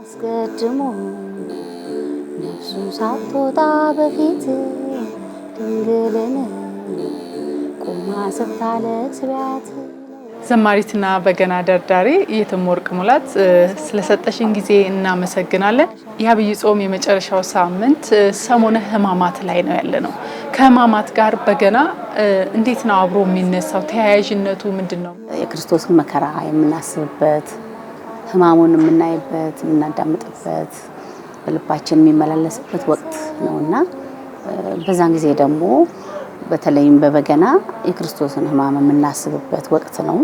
አስቀድሞ ነፍሱም ሳትወጣ በፊት ድንግልን ቁማ ስታለቅስ ቢያት ዘማሪትና በገና ደርዳሪ የትም ሙላት ስለሰጠሽን ጊዜ እናመሰግናለን። የአብይ ጾም የመጨረሻው ሳምንት ሰሞነ ሕማማት ላይ ነው ያለ ነው። ከሕማማት ጋር በገና እንዴት ነው አብሮ የሚነሳው? ተያያዥነቱ ምንድን ነው? የክርስቶስን መከራ የምናስብበት ህማሙን የምናይበት የምናዳምጥበት በልባችን የሚመላለስበት ወቅት ነው እና በዛን ጊዜ ደግሞ በተለይም በበገና የክርስቶስን ህማም የምናስብበት ወቅት ነው።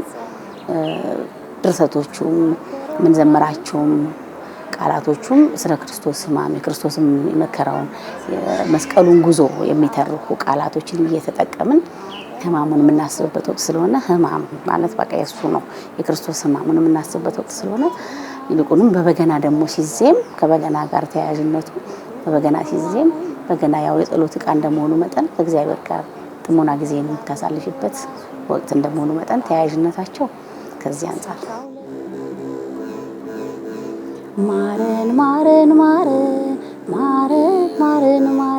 ድርሰቶቹም ምንዘምራቸውም ቃላቶቹም ስለ ክርስቶስ ህማም የክርስቶስም የመከራውን መስቀሉን ጉዞ የሚተርኩ ቃላቶችን እየተጠቀምን ህማሙን የምናስብበት ወቅት ስለሆነ ህማም ማለት በቃ የእሱ ነው የክርስቶስ ህማሙን የምናስብበት ወቅት ስለሆነ ይልቁንም በበገና ደግሞ ሲዜም ከበገና ጋር ተያያዥነቱ በበገና ሲዜም በገና ያው የጸሎት እቃ እንደመሆኑ መጠን ከእግዚአብሔር ጋር ጥሞና ጊዜ የምታሳልፊበት ወቅት እንደመሆኑ መጠን ተያያዥነታቸው ከዚህ አንጻር ማረን ማረን ማረን ማረን ማረን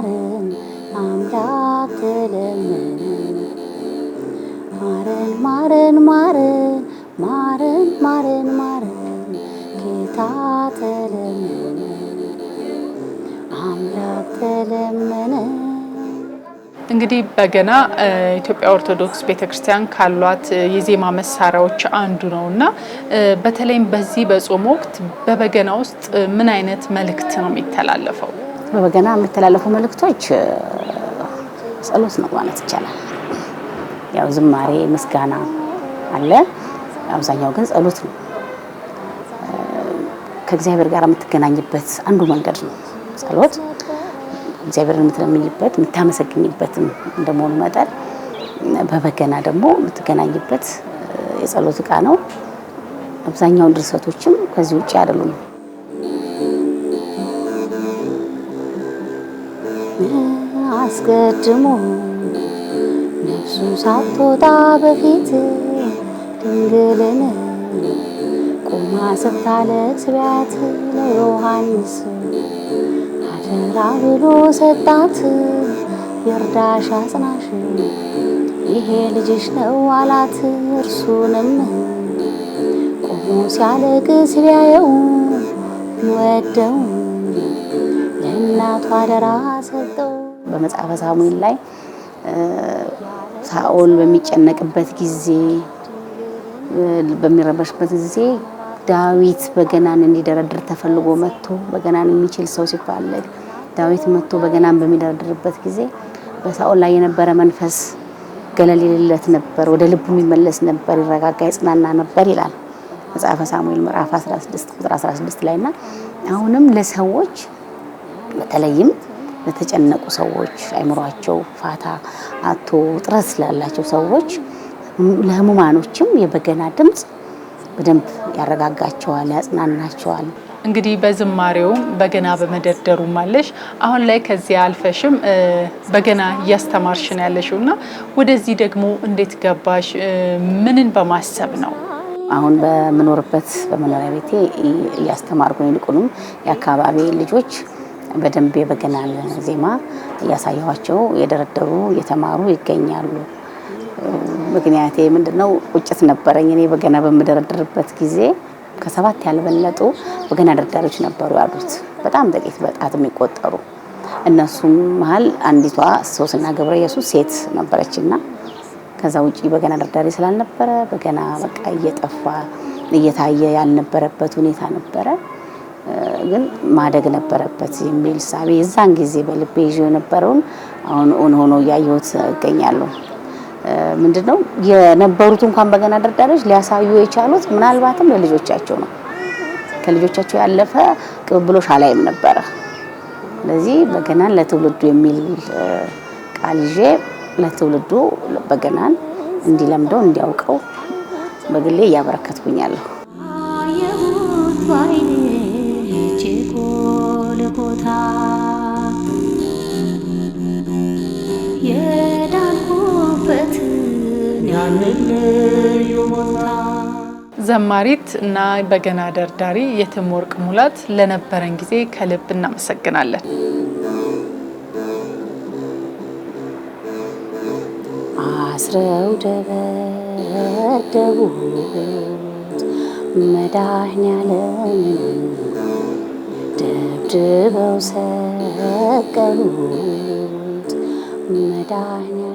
ማረን ማረን ማረን ማረን ማረን ጌታ ተለመነ አምላክ ተለመነ። እንግዲህ በገና ኢትዮጵያ ኦርቶዶክስ ቤተክርስቲያን ካሏት የዜማ መሳሪያዎች አንዱ ነው እና በተለይም በዚህ በጾም ወቅት በበገና ውስጥ ምን አይነት መልእክት ነው የሚተላለፈው? በበገና የሚተላለፉ መልእክቶች ጸሎት ነው ማለት ይቻላል። ያው ዝማሬ ምስጋና አለ። አብዛኛው ግን ጸሎት ነው። ከእግዚአብሔር ጋር የምትገናኝበት አንዱ መንገድ ነው ጸሎት። እግዚአብሔርን የምትለምኝበት የምታመሰግኝበትም እንደመሆኑ መጠን በበገና ደግሞ የምትገናኝበት የጸሎት እቃ ነው። አብዛኛውን ድርሰቶችም ከዚህ ውጭ አይደሉም። አስቀድሞ ነፍሱ ሳትወጣ በፊት ድንግልን ቁማ ስታለቅስ ቢያት ለዮሐንስ አደራ ብሎ ሰጣት። ይርዳሽ አጽናሽ ይሄ ልጅሽ ነው አላት። እርሱንም ቆሞ ሲያለቅስ ቢያየው ወደው ለእናቱ አደራ ሰጠው። በመጽሐፈ ሳሙኤል ላይ ሳኦል በሚጨነቅበት ጊዜ በሚረበሽበት ጊዜ ዳዊት በገናን እንዲደረድር ተፈልጎ መጥቶ በገናን የሚችል ሰው ሲፈለግ ዳዊት መጥቶ በገናን በሚደረድርበት ጊዜ በሳኦል ላይ የነበረ መንፈስ ገለል የሌለት ነበር፣ ወደ ልቡ የሚመለስ ነበር፣ ይረጋጋ ይጽናና ነበር ይላል መጽሐፈ ሳሙኤል ምዕራፍ 16 ቁጥር 16 ላይ እና አሁንም ለሰዎች በተለይም ለተጨነቁ ሰዎች አይምሯቸው ፋታ አቶ ጥረት ስላላቸው ሰዎች ለህሙማኖችም የበገና ድምፅ በደንብ ያረጋጋቸዋል፣ ያጽናናቸዋል። እንግዲህ በዝማሬውም በገና በመደርደሩ አለሽ። አሁን ላይ ከዚህ አልፈሽም በገና እያስተማርሽ ነው ያለሽው እና ወደዚህ ደግሞ እንዴት ገባሽ? ምንን በማሰብ ነው? አሁን በምኖርበት በመኖሪያ ቤቴ እያስተማርኩ ይልቁንም የአካባቢ ልጆች በደንብ የበገናን ዜማ እያሳየኋቸው የደረደሩ የተማሩ ይገኛሉ። ምክንያቴ ምንድነው? ቁጭት ነበረኝ። እኔ በገና በምደረድርበት ጊዜ ከሰባት ያልበለጡ በገና ደርዳሪዎች ነበሩ ያሉት፣ በጣም ጥቂት በጣት የሚቆጠሩ እነሱም መሀል አንዲቷ ሶስና ገብረ ኢየሱስ ሴት ነበረች ከዛ ውጭ በገና ደርዳሪ ስላልነበረ በገና በቃ እየጠፋ እየታየ ያልነበረበት ሁኔታ ነበረ። ግን ማደግ ነበረበት የሚል ሳቤ የዛን ጊዜ በልቤ ይዤ የነበረውን አሁን እውን ሆኖ እያየሁት እገኛለሁ። ምንድነው የነበሩት እንኳን በገና ደርዳሪዎች ሊያሳዩ የቻሉት ምናልባትም ለልጆቻቸው ነው። ከልጆቻቸው ያለፈ ቅብብሎሽ አላይም ነበረ። ስለዚህ በገናን ለትውልዱ የሚል ቃል ይዤ ለትውልዱ በገናን እንዲለምደው እንዲያውቀው በግሌ እያበረከትኩኛለሁ። ቦታ የዳንኩበትን ያንን ልዩ ቦታ ዘማሪት እና በገና ደርዳሪ የትም ወርቅ ሙላት ለነበረን ጊዜ ከልብ እናመሰግናለን። አስረው ደበደቡት መድኃኔዓለምን ደብድበው ሰቀሉት መዳን